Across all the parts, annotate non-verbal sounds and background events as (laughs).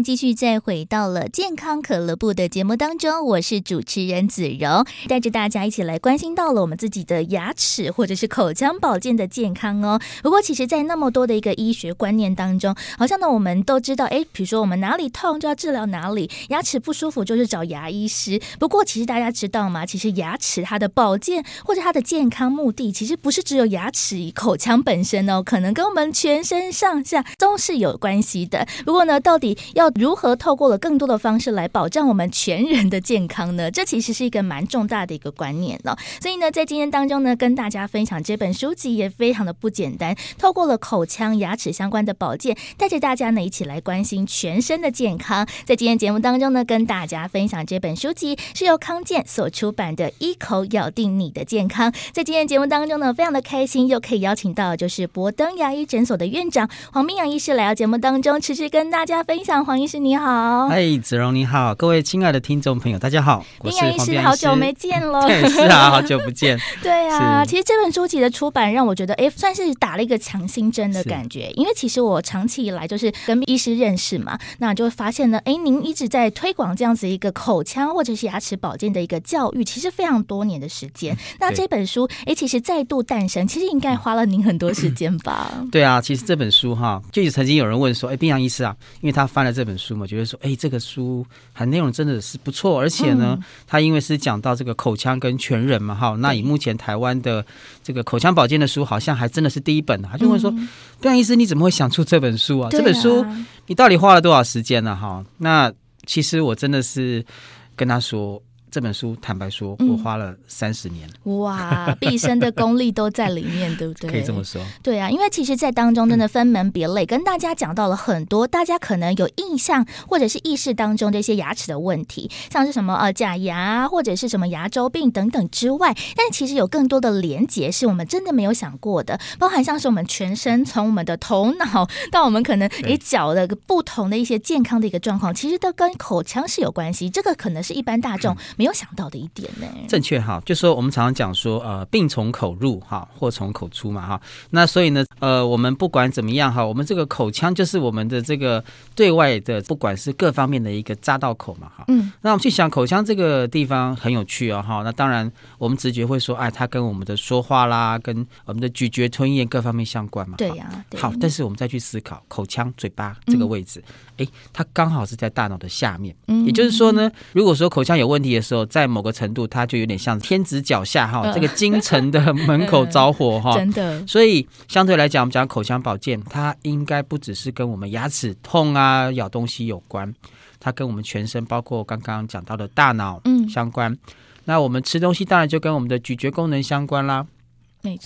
繼續再回到了健康可樂部的節目當中，我是主持人子柔。帶着大家一起來關心到了我們自己的牙齒或者是口腔保健的健康哦。不過其實，在那麼多的一個醫學觀念當中，好像呢我們都知道，哎，比如說我們哪裡痛就要治療哪裡，牙齒不舒服就是找牙醫師。不過其實大家知道嗎？其實牙齒它的保健或者它的健康目的，其實不是只有牙齒口腔本身哦，可能跟我們全身上下都是有關係的。不過呢，到底要要如何透過了更多的方式來保障我們全人的健康呢？這其實是一個蠻重大的一個觀念呢、哦。所以呢，在今天當中呢，跟大家分享這本書籍也非常的不簡單。透過了口腔牙齒相關的保健，帶着大家呢一起來關心全身的健康。在今天節目當中呢，跟大家分享這本書籍是由康健所出版的《一口咬定你的健康》。在今天節目當中呢，非常的開心，又可以邀請到就是柏登牙醫診所的院長黃斌洋醫師來到節目當中，持續跟大家分享。王醫師你好，哎，子榮你好，各位親愛的聽眾朋友，大家好，斌洋醫師，醫師好久沒見了， (laughs) 是啊，好久不見，對啊，是其實這本書籍的出版讓我覺得，哎、欸，算是打了一個強心針的感覺，是因為其實我長期以來就是跟醫師認識嘛，那就會發現呢，哎、欸，您一直在推廣這樣子一個口腔或者是牙齒保健的一個教育。其實非常多年的時間，對那這本書，哎、欸，其實再度誕生，其實應該花了您很多時間吧？ (laughs) 對啊，其實這本書哈，就是曾經有人問說，哎、欸，斌洋醫師啊，因為他翻了。這本書嘛，覺得說，哎，這個書它內容真的是不錯，而且呢，嗯、它因為是講到這個口腔跟全人嘛，哈，那以目前台灣的這個口腔保健的書，好像還真的是第一本、啊。他、嗯、就問說，段醫師，你怎麼會想出這本書啊？啊這本書你到底花了多少時間呢、啊？哈，那其實我真的是跟他說。這本書坦白說，我花了三十年，嗯，哇，畢生的功力都在裡面， (laughs) 對不對？可以這麼說，對啊，因為其實，在當中真的分門別類，嗯、跟大家講到了很多大家可能有印象或者是意識當中的一些牙齒的問題，像是什麼呃假牙或者是什麼牙周病等等之外，但其實有更多的連結是我們真的沒有想過的，包含像是我們全身從我們的頭腦到我們可能誒腳的不同的一些健康的一個狀況，對其實都跟口腔是有關係。這個可能是一般大眾。沒有想到的一點呢，正確哈，就是、說我們常常講說，呃，病從口入哈，禍從口出嘛哈。那所以呢，呃，我們不管怎麼樣哈，我們這個口腔就是我們的這個對外的，不管是各方面的一個匝道口嘛哈。嗯，那我們去想口腔這個地方很有趣哦。哈。那當然，我們直覺會說，哎，它跟我們的說話啦，跟我們的咀嚼吞咽各方面相關嘛。對呀、啊。好，對但是我們再去思考口腔嘴巴這個位置。嗯它剛好是在大腦的下面，嗯，也就是說呢，如果說口腔有問題的時候，在某個程度，它就有點像天子腳下哈，呃、這個京城的門口着火哈，嗯哦、真的。所以相對來講，我們講口腔保健，它應該不只是跟我們牙齒痛啊、咬東西有關，它跟我們全身，包括剛剛講到的大腦，嗯，相關。嗯、那我們吃東西，當然就跟我們的咀嚼功能相關啦。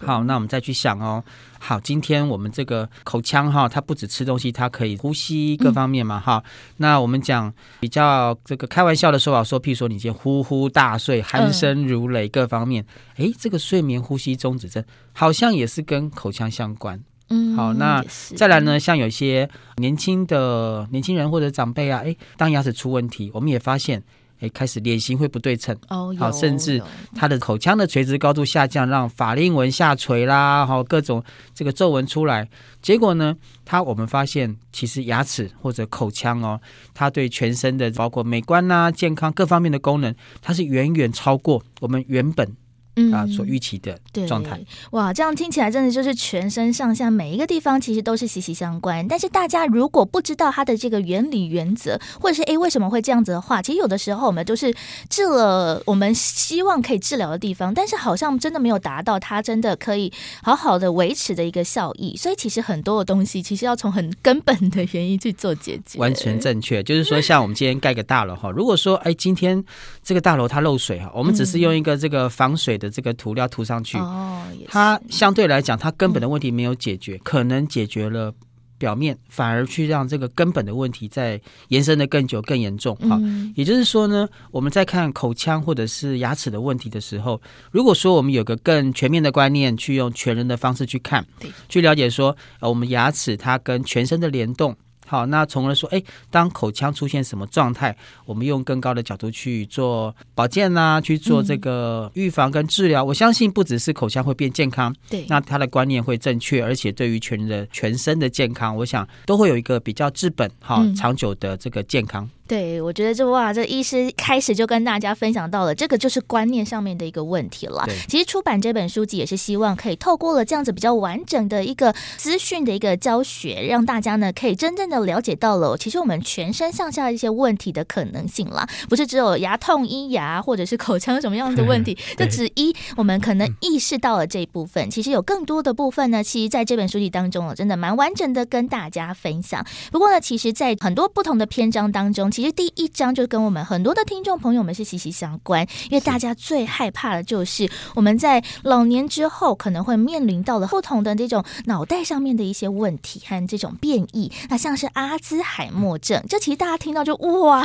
好，那我們再去想哦。好，今天我們這個口腔哈、哦，它不止吃東西，它可以呼吸各方面嘛哈、嗯。那我們講比較這個開玩笑的說法，說譬如說你先呼呼大睡，鼾、嗯、聲如雷，各方面，哎，這個睡眠呼吸中止症好像也是跟口腔相關。嗯，好，那再來呢，是像有些年輕的年輕人或者長輩啊，哎，當牙齒出問題，我們也發現。哎、欸，開始臉型會不對稱哦，好、哦，甚至他的口腔的垂直高度下降，讓法令紋下垂啦，哈，各種這個皺紋出來。結果呢，他我們發現，其實牙齒或者口腔哦，它對全身的包括美觀吶、啊、健康各方面的功能，它是遠遠超過我們原本。嗯、啊，所預期的狀態、嗯、對哇，這樣聽起來真的就是全身上下每一個地方其實都是息息相關。但是大家如果不知道它的這個原理原則，或者是欸為什麼會這樣子的話，其實有的時候我們就是治了我們希望可以治療的地方，但是好像真的沒有達到它真的可以好好的維持的一個效益。所以其實很多的東西其實要從很根本的原因去做解決。完全正確，就是說像我們今天蓋個大樓哈， (laughs) 如果說哎今天這個大樓它漏水哈，我們只是用一個這個防水的。這個塗料塗上去，oh, yes. 它相對來講，它根本的問題沒有解決，嗯、可能解決了表面，反而去讓這個根本的問題再延伸的更久、更嚴重。哈、mm hmm.，也就是說呢，我們在看口腔或者是牙齒的問題的時候，如果說我們有個更全面的觀念，去用全人的方式去看，對去了解說，呃、我們牙齒它跟全身的聯動。好，那從而說，哎，當口腔出現什麼狀態，我們用更高的角度去做保健呢、啊？去做這個預防跟治療，嗯、我相信不只是口腔會變健康，對，那他的觀念會正確，而且對於全人的全身的健康，我想都會有一個比較治本、哈長久的這個健康。嗯對，我覺得這哇，這醫師開始就跟大家分享到了，這個就是觀念上面的一個問題了。對其實出版這本書籍也是希望可以透過了這樣子比較完整的一個資訊的一個教學，讓大家呢可以真正的了解到了，其實我們全身上下一些問題的可能性啦，不是只有牙痛、醫牙或者是口腔什麼樣的問題，嗯、就只一對我們可能意識到了這一部分。嗯、其實有更多的部分呢，其實在這本書籍當中，真的蠻完整的跟大家分享。不過呢，其實在很多不同的篇章當中。其實第一章就跟我們很多的聽眾朋友們是息息相關，因為大家最害怕的就是我們在老年之後可能會面臨到了不同的這種腦袋上面的一些問題和這種變異，那像是阿茲海默症，這其實大家聽到就哇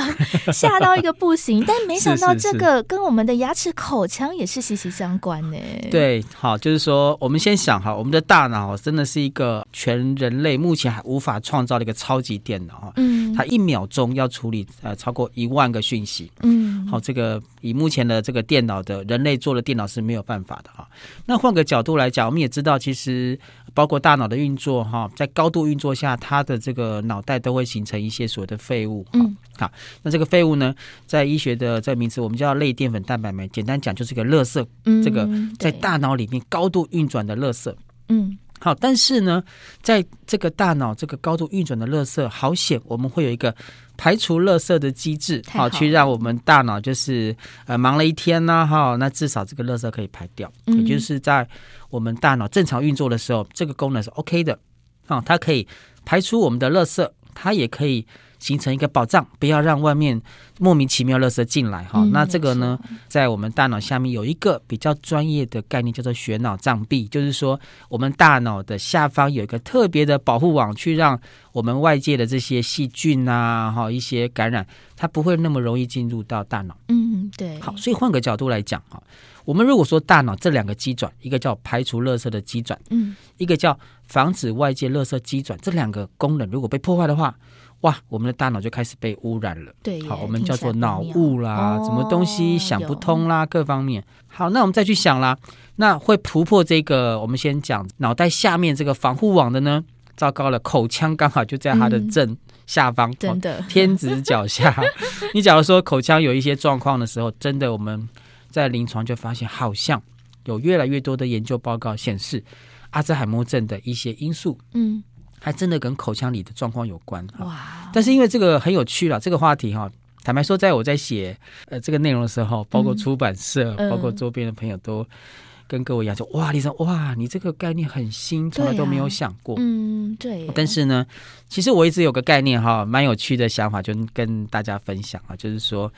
嚇到一個不行， (laughs) 但沒想到這個跟我們的牙齒口腔也是息息相關呢。對，好，就是說我們先想哈，我們的大腦真的是一個全人類目前還無法創造的一個超級電腦，嗯它一秒鐘要處理呃超過一萬個訊息，嗯，好、哦，這個以目前的這個電腦的人類做的電腦是沒有辦法的哈、啊，那換個角度來講，我們也知道其實包括大腦的運作哈、啊，在高度運作下，它的這個腦袋都會形成一些所謂的廢物，嗯，好、啊，那這個廢物呢，在醫學的這名詞我們叫類澱粉蛋白酶，簡單講就是一個垃圾，嗯、這個在大腦裡面高度運轉的垃圾，嗯。好，但是呢，在這個大腦這個高度運轉的垃圾，好險我們會有一個排除垃圾的機制，好去讓我們大腦就是呃忙了一天呢，哈，那至少這個垃圾可以排掉，嗯，也就是在我們大腦正常運作的時候，這個功能是 OK 的，啊，它可以排除我們的垃圾，它也可以。形成一個保障，不要讓外面莫名其妙垃圾進來哈。嗯、那這個呢，嗯、在我們大腦下面有一個比較專業的概念，叫做“血腦障壁”，就是說我們大腦的下方有一個特別的保護網，去讓我們外界的這些細菌啊一些感染，它不會那麼容易進入到大腦。嗯，對。好，所以換個角度來講哈，我們如果說大腦這兩個機轉，一個叫排除垃圾的機轉，嗯，一個叫防止外界垃圾機轉，這兩個功能如果被破壞的話。哇，我們的大腦就開始被污染了。對耶，好，我們叫做腦霧啦，嗯、什麼東西想不通啦，哦、各方面。好，那我們再去想啦，有那會突破這個，我們先講腦袋下面這個防護網的呢？糟糕了，口腔剛好就在它的正下方，嗯哦、真的天子腳下。 (laughs) 你假如說口腔有一些狀況的時候，真的我們，在臨床就發現，好像有越來越多的研究報告顯示，阿茲海默症的一些因素，嗯。還真的跟口腔裡的狀況有關，但是因為這個很有趣了，這個話題哈，坦白說，在我在寫呃這個內容的時候，包括出版社，嗯嗯、包括周邊的朋友，都跟各位一樣就：“哇，你說，哇，你這個概念很新，從來都沒有想過。啊”嗯，對。但是呢，其實我一直有個概念哈，蠻有趣的想法，就跟大家分享啊，就是說。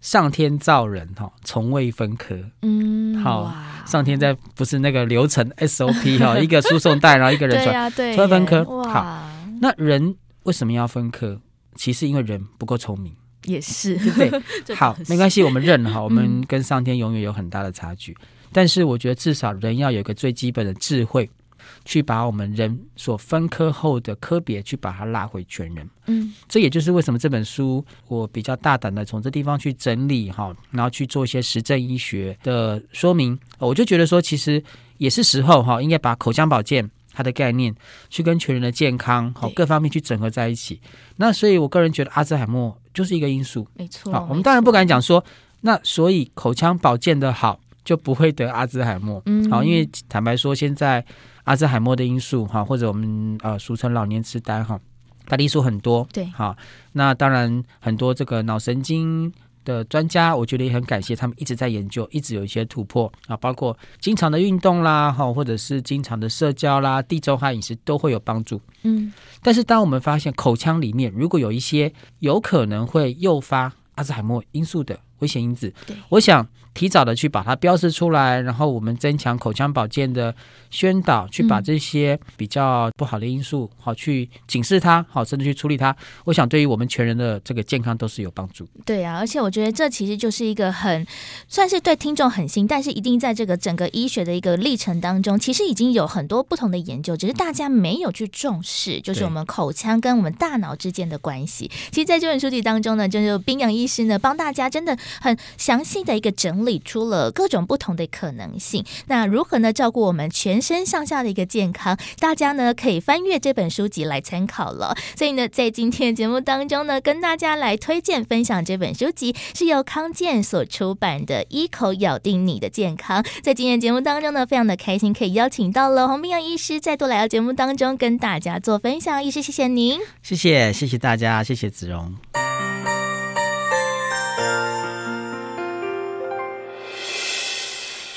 上天造人哈，從未分科。嗯，好，上天在不是那個流程 SOP 哈，一個輸送帶，然後一個人轉，對呀、啊，對，從未分科。好，那人為什麼要分科？其實因為人不夠聰明，也是。對，對好，不沒關係，我們認哈，我們跟上天永遠有很大的差距。嗯、但是我覺得至少人要有一個最基本的智慧。去把我們人所分科後的科別去把它拉回全人，嗯，這也就是為什麼這本書我比較大膽的從這地方去整理哈，然後去做一些實證醫學的說明。我就覺得說，其實也是時候哈，應該把口腔保健它的概念去跟全人的健康對各方面去整合在一起。那所以，我個人覺得阿茲海默就是一個因素，沒錯。好沒錯，我們當然不敢講說，那所以口腔保健的好就不會得阿茲海默，嗯，好，因為坦白說現在。阿茲海默的因素哈，或者我們呃俗稱老年癡呆哈，它的因素很多。對，好，那當然很多這個腦神經的專家，我覺得也很感謝他們一直在研究，一直有一些突破啊，包括經常的運動啦哈，或者是經常的社交啦，地中海飲食都會有幫助。嗯，但是當我們發現口腔裡面如果有一些有可能會誘發阿茲海默因素的。危險因子，對，我想提早的去把它標識出來，然後我們增強口腔保健的宣導，去把這些比較不好的因素，嗯、好去警示它，好，甚至去處理它。我想對於我們全人的這個健康都是有幫助。對啊，而且我覺得這其實就是一個很算是對聽眾很新，但是一定在這個整個醫學的一個歷程當中，其實已經有很多不同的研究，只是大家沒有去重視，就是我們口腔跟我們大腦之間的關係。對其實在這本書籍當中呢，就是斌洋醫師呢幫大家真的。很詳細的一個整理出了各種不同的可能性。那如何呢，照顧我們全身上下的一個健康？大家呢可以翻閱這本書籍來參考了。所以呢，在今天的節目當中呢，跟大家來推薦分享這本書籍，是由康健所出版的《一口咬定你的健康》。在今天的節目當中呢，非常的開心可以邀請到了黃斌洋醫師再度來到節目當中跟大家做分享。醫師，謝謝您。謝謝，謝謝大家，謝謝子榮。